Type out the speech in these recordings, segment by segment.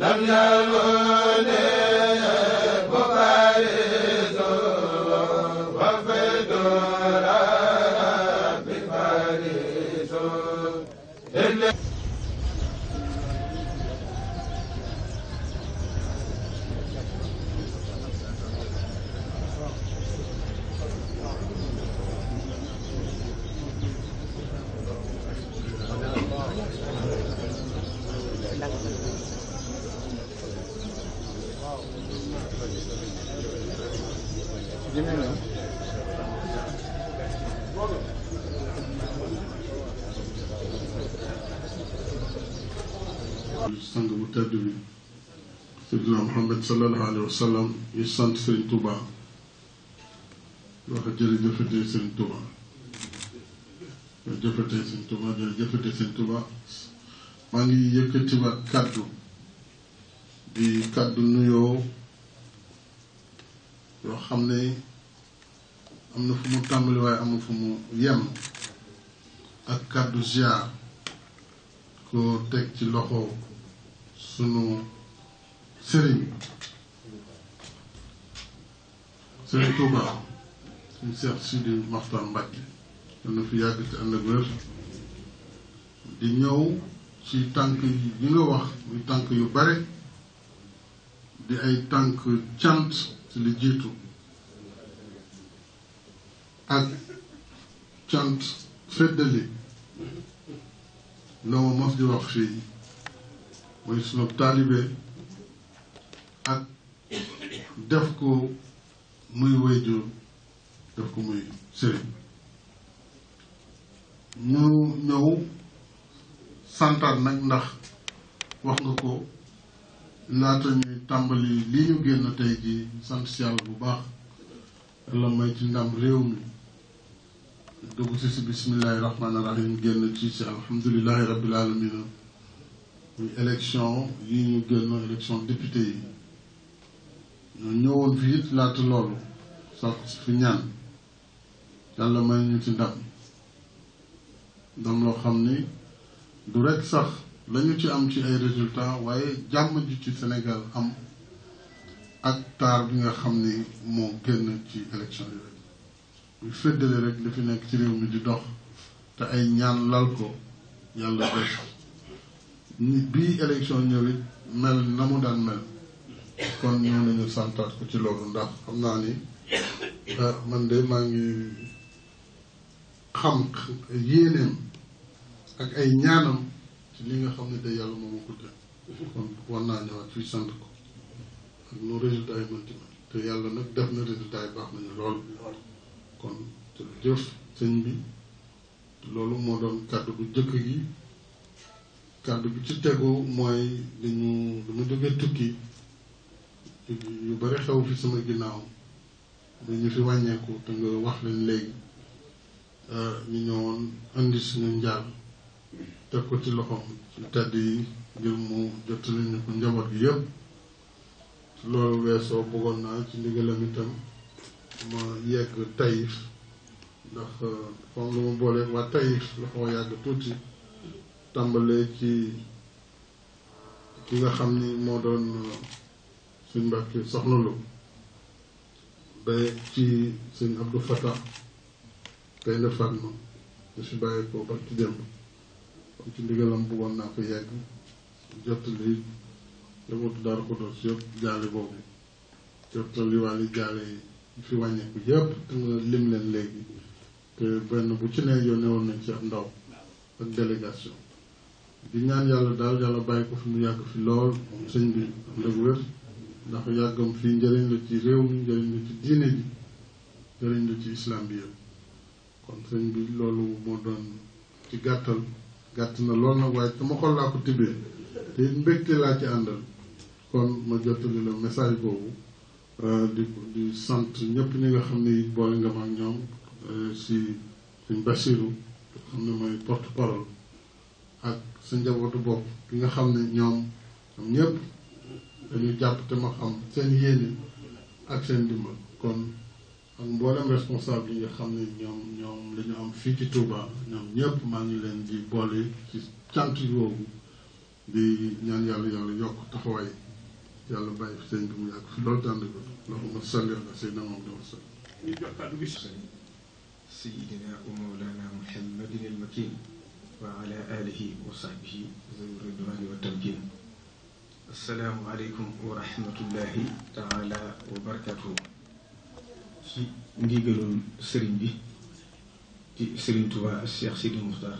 lam ci sang bu tedd bi Seydina Muhammad sallallahu alayhi wa sallam yi sant Serigne Touba wax jërëjëfatee Serigne Touba jërëjëfatee Serigne Touba maa ngi yëkkatiwaat kàddu di kàddu nuyoo yoo xam ne am na fu mu tàmbali waaye amul fu mu yem ak kàddu ziar ko teg ci loxo. sunu sëriñ sëriñ Touba suñu seet Sidi Maxtar Mbàkke dana fi yàgg ci ànd ak wér di ñëw ci tànk yi nga wax muy tànk yu bare di ay tànk cant ci li jiitu ak cant feddali la mos di wax fii muy sunu taalibe ak def ko muy wéyjur def ko muy sëriñ ñu ñëw santaat nag ndax wax nga ko laata ñuy tàmbali li ñu génn tey ji sant si bu baax yàlla may ci ndam réew mi dugg si si bisimilahi rahmaani rahim génn ci si alhamdulilahi rabbil alamina muy élection yi ñu génn élection député yi ñoo ñëwoon fi it laata loolu sax fi ñaan yàlla may ñu ci ndam dam loo xam ni du rekk sax lañu ci am ci ay résultats waaye jàmm ji ci Sénégal am ak taar bi nga xam ni moo génn ci élection yi rek ñu féddale rek li fi nekk ci réew mi di dox te ay ñaan lal ko yàlla def nit bii élection ñëwit mel na mu daan mel kon ñoo nañu santaat ko ci loolu ndax xam naa ni ah, man de maa ngi xam yéeneem ak ay ñaanam ci li nga xam ne de yàlla moom a ko kon war naa ñëwaat fii sant ko ak nu résultat yi mënti te yàlla nag def na résultat yi baax nañu lool kon jëf sëñ bi loolu moo doon kàddu bu jëkk gi kàddu bi ci tegu mooy dañu dama jógee tukki yu bari xew fi sama ginnaaw ñu fi wàññeeku te nga wax leen léegi euh, ñu ñëwoon indi suñu njaal teg ko ci loxoom ci tedd yi ngir mu jottali ñu ko njaboot gi yëpp loolu weesoo bëggoon naa ci ndigalam itam ma yegg tayif ndax comme euh, lu ma boolee waa tayif la yàgg tuuti tàmbalee ci ki nga xam ni moo doon suñ mbàkki soxna lu ba ci suñ Abdou Fatah tey na Fatma ñu fi bàyyi ko ba ci démb kon ci ndigalam bëggoon naa ko yegg jottali njabootu Daaru Xudoos yëpp jaale boobu jottali wàlli jaale yi fi wàññeeku yëpp te nga lim leen léegi te benn bu ci ne woon nañ ci ab ndaw ak délégation di ñaan yàlla daal yàlla bàyyi ko fi mu yàgg fi lool sëñ bi ndëg wér ndax yàggam fii njëriñ la ci réew mi njëriñ la ci diine ji njëriñ la ci islam bi yëpp kon sëñ bi loolu moo doon ci gàttal gàtt na lool nag waaye sama xol laa ko tibbee te it mbégte laa ci àndal kon ma jottali la message boobu euh, di sant ñëpp ñi nga xam ni boole nga ma ñoom euh, si suñ Basiru xam ne mooy porte parole ak sa njabootu bopp ki nga xam ne ñoom ñoom ñëpp dañu jàpp te ma xam seen yéene ak seen dimbal kon ak mboolem responsable yi nga xam ne ñoom ñoom la am fii ci Touba ñoom ñëpp maa ngi leen di boole ci cant yoobu di ñaan yàlla yàlla yokk taxawaay yàlla bàyyi fi sëñ bi mu yàgg fi loolu tànd ko allahumma salli ala sayyidina Muhammad wa sallam wa ala alihi wa sahbihi zawi ridwani wa tamkin assalaamu aleykum wa rahmatullahi taala wa barakatuhu ci ndigalul sëriñ bi ci sëriñ Tuubaa Cheikh Sidi Muxtaar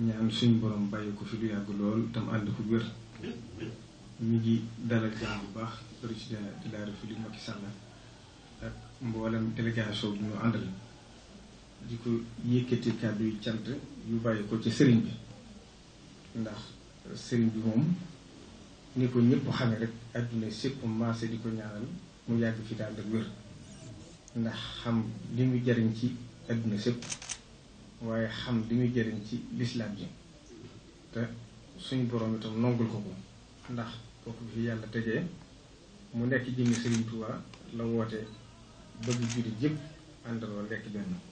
ñaan suñu borom bàyyi ko fi lu yàgg lool tam ànd ko wér mi ngi dalal jàmm bu baax président de la république Macky Sall ak mboolem délégation bi ñu àndal di ko yëkkati kàddu yu cant yu bàyyi ko ci sëriñ bi ndax sëriñ bi moom ni ko ñëpp xame rek àdduna sépp maase di ko ñaanal mu yàgg fi daal ak wér ndax xam li muy jariñ ci adduna sépp waaye xam li muy jariñ ci lislaam ji te suñu borom itam nongul ko ko ndax kooku fi yàlla tegee mu nekk jëmmi sëriñ Tuubaa la woote bëgg jullit yëpp àndaloo nekk benn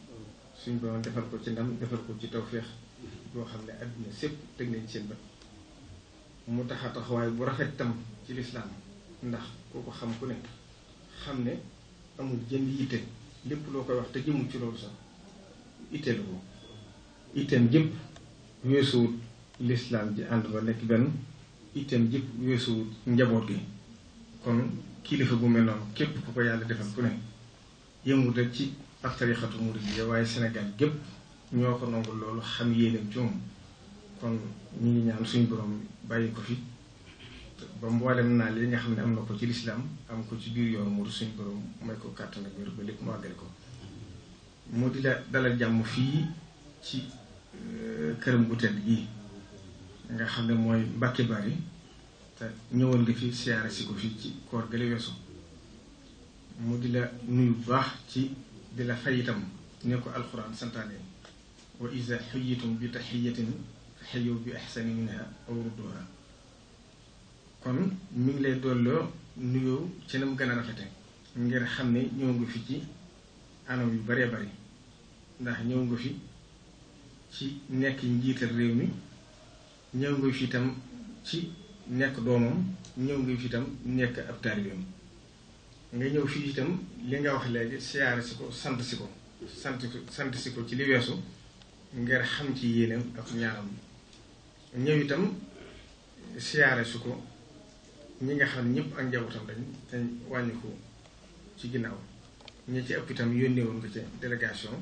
suñ borom defal ko ci ndam defar ko ci tawféex boo xam ne àdduna sépp teg nañ seen bët mu taxa taxawaay bu rafet tam ci lislaam ndax koo ko xam ku ne xam ne amul jënd yitte lépp loo koy wax te jëmul ci loolu sax itteelu ko itteem jëpp weesuwut lislaam ji ànd ba nekk benn itteem jëpp weesuwut njaboot gi kon kilifa bu mel noonu képp ku ko yàlla defal ku ne yëmul rek ci ak tarixatu murid waaye Sénégal gépp ñoo ko xam yéenam ci moom kon ñu ngi ñaan suñu borom bàyyi ko fi ba naa li nga xam ne am na ko ci lislaam am ci biir yoon murid suñu borom may ko kàttan ak wér ba lépp mu di la dalal jàmm fii ci euh, këram bu nga xam ne mooy Mbàkke Bari te ñëwoon fi siyaare si ci koor gële nuyu baax ci di la fay itam ne alxuraan santaane wa iza xuyitum bi taxiyatin fa xeyu bi axsani minha aw rudduha kon mi ngi lay dolloo nuyoo ci na mu gën a rafete ngir xam ne ñëw nga fi ci anam yu baree bari ndax ñëw nga fi ci nekk njiital réew mi ñëw nga fi itam ci nekk doomam ñëw nga fi itam nekk ab taalibeem nga ñëw fii itam li nga wax léegi siyaare si ko sant si ko sant sant si ko ci li weesu nga xam ci yéeneem ak ñaaram ñëw itam siyaare si ko ñi nga xam ñëpp ak njabootam dañ dañ wàññiku ci ginnaaw ñi ci ëpp itam yónnee woon nga ci délégation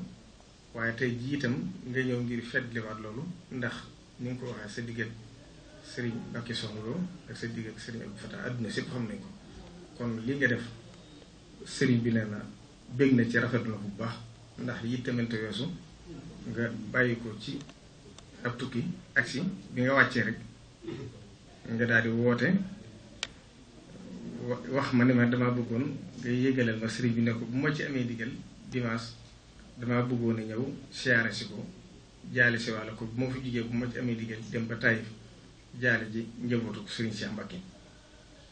waaye tey jii itam nga ñëw ngir fetliwaat loolu ndax ni nga ko waxee sa diggal sëriñ Mbacké Soxna Lo ak sa diggal sëriñ Abdou Fatah àdduna sépp xam nañ ko kon li nga def sëriñ bi nee na bég na ci rafet na bu baax ndax yittamante weesu nga bàyyi ko ci ab tukki agsi bi nga wàccee rek nga daal di woote wax ma ne ma damaa bëggoon nga yëgaleel ma sëriñ bi ne ko bu ma ci amee digal dimanche damaa bëggoon a ñëw siyaare si ko jaale si wàll ko bu ma fi jugee bu ma ci amee digal dem ba Taïf jaale ji njëbootu ko sëriñ Cheikh Mbacké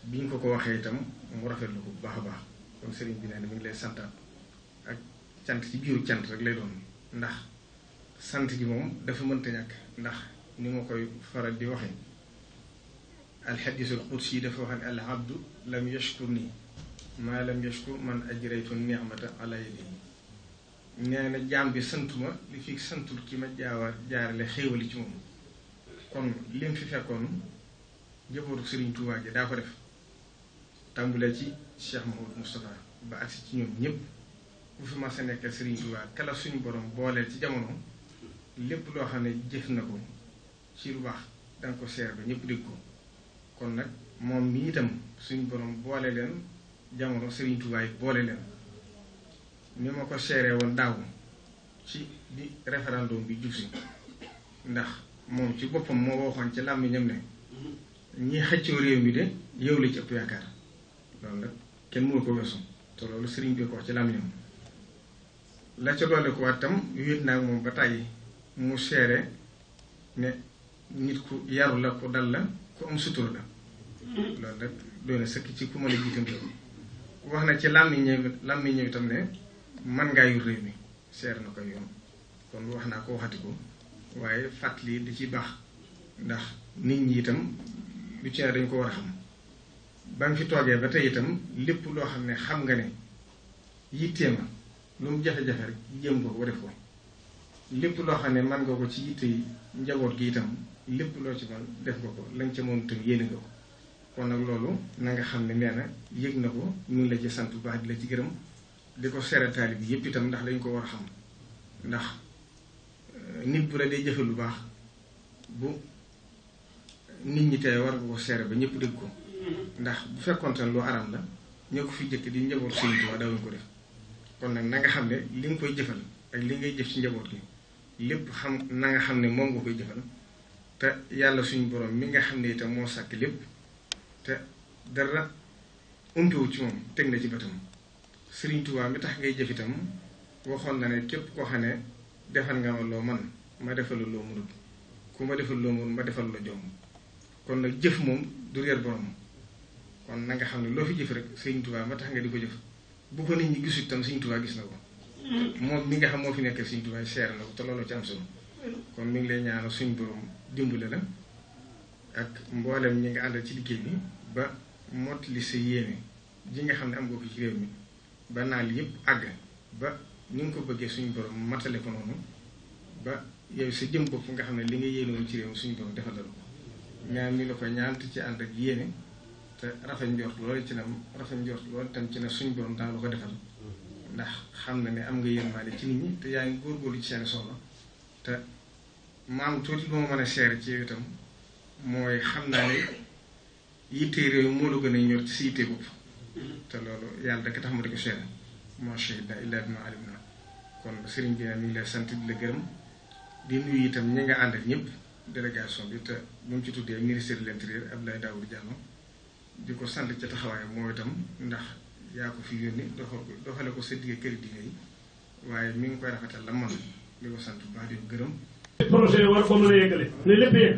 bi ñu ko ko waxee itam mu rafetlu ko bu baax a baax kon sëriñ bi nee na mi ngi lay santaat ak cant ci biiru cant rek lay doon ndax sant gi moom dafa mënta ñàkk ndax ni ma koy faral di waxee alxadisul si dafa wax ne al abdu lam yashkur nii maa lam yashkur man ajraytu ni'mata ala yadi nee na jaam bi santuma li fi santul ki ma jaawaat jaarale xéewali ci moom kon lim fi fekkoon jëbootu sëriñ Tuubaa ji daa ko def tàmbulee ci Cheikh Mouhamadou Moustapha ba agsi ci ñoom ñëpp bu fi mas a nekk Serigne Touba kala suñu borom booleel ci jamono lépp loo xam ne jëf na ko ci lu baax danga ko seer ba ñëpp dégg ko kon nag moom mi itam suñu borom boole leen jamono Serigne Touba yi boole leen ni ma ko seeree woon daaw ci di référendum bi jub si ndax moom ci boppam moo waxoon ci làmmiñam ne ñi xëccoo réew mi de yow la ci ëpp yaakaar. loolu nag kenn mënu ko weesu te loolu sëriñ bi ko wax ci làmmiñam naa moom ba tàyyi mu seere ne nit ku yaru la ku dal la ku am sutur la loolu nag doy sëkk ci ku mën jiitam réew mi wax na ci làmmiñ làmmiñ itam ne man ngaa yor réew mi seere na ko yoon kon wax naa ko waxati ko waaye fàttali di ci baax ndax nit ñi itam lu ci ne dañ ko war a xam ba nga fi toogee ba tey itam lépp loo xam ne xam nga ne yitteema lu mu jafe-jafe rek jéem ko ba def ko lépp loo xam ne mën nga ko ci yitte yi gi itam lépp loo ci man def nga ko lañ ca moom itam yéene nga ko kon nag loolu na xam ne nee na yëg na ko ñu la ci sant bu baax di la ci gërëm di ko seere taalib bi yëpp itam ndax lañ ko war a xam ndax euh, nit bu la dee jafe lu baax bu nit ñi tey war nga ko seere ba ñëpp dégg ko ndax bu fekkoon te lu aram la ñoo ko fi jëkk di njaboot Sëriñ Tuubaa daawuñ ko def kon nag na nga xam ne li nga koy jëfal ak li ngay jëf ci njaboot gi lépp xam na nga xam ne moom nga koy jëfal te yàlla suñu borom mi nga xam ne itam moo sàkk lépp te dara umpiwu ci moom teg na ci bëtam Sëriñ Tuubaa mi tax ngay jëf itam waxoon na ne képp koo xam ne defal nga ma loo man ma defalu loo mënul ku ma defal loo mënul ma defal la jom kon nag jëf moom du réer borom kon nanga xam ne loo fi jëf rek sëñ Tuubaa ma tax nga di ko jëf bu ko nit ñi gisul tam sëñ Tuubaa gis na ko moom mi nga xam moo fi nekk sëñ Tuubaa seer na ko te ci am solo kon mi ngi lay ñaanal suñ borom dimbale la ak mboolem ñi nga àndal ci liggéey bi ba mottali sa yéene nga xam ne am ci réew mi ba naal yëpp àgg ba ni nga ko bëggee suñu borom matale ko noonu ba yow sa jëm bopp nga xam ne li nga yéene ci réew mi suñu borom defal la ko ñaan mi la ko ñaan te ci ànd ak yéene te rafet njort loolu ci na rafet njort loolu tam ci na suñ borom daal lu ko defal mm-hmm. ndax xam na ne am nga yërmaande ci nit ñi te yaa ngi góorgóorlu ci seen soxla te maam tuuti lu ma mën a seere ci yow itam mooy xam naa ne moo gën a ñor ci si yitte bopp mm-hmm. te loolu yàlla rek tax ma di ko seere maa shahidnaa illaa bimaa alimnaa kon sëriñ bi mi ngi lay sant di la gërëm di nuyu itam ñi nga àndal ñëpp délégation bi te mu ci tuddee ministre de l'intérieur Abdoulaye Daouda Diallo di ko sant ca taxawaay moo itam ndax yaa ko fi yónni doxal ko doxale ko sa digg kër diine yi waaye mi ngi koy rafetal la mën di ko sant bu baax di gërëm. projet war ko mën a yëgale ne lépp yëg.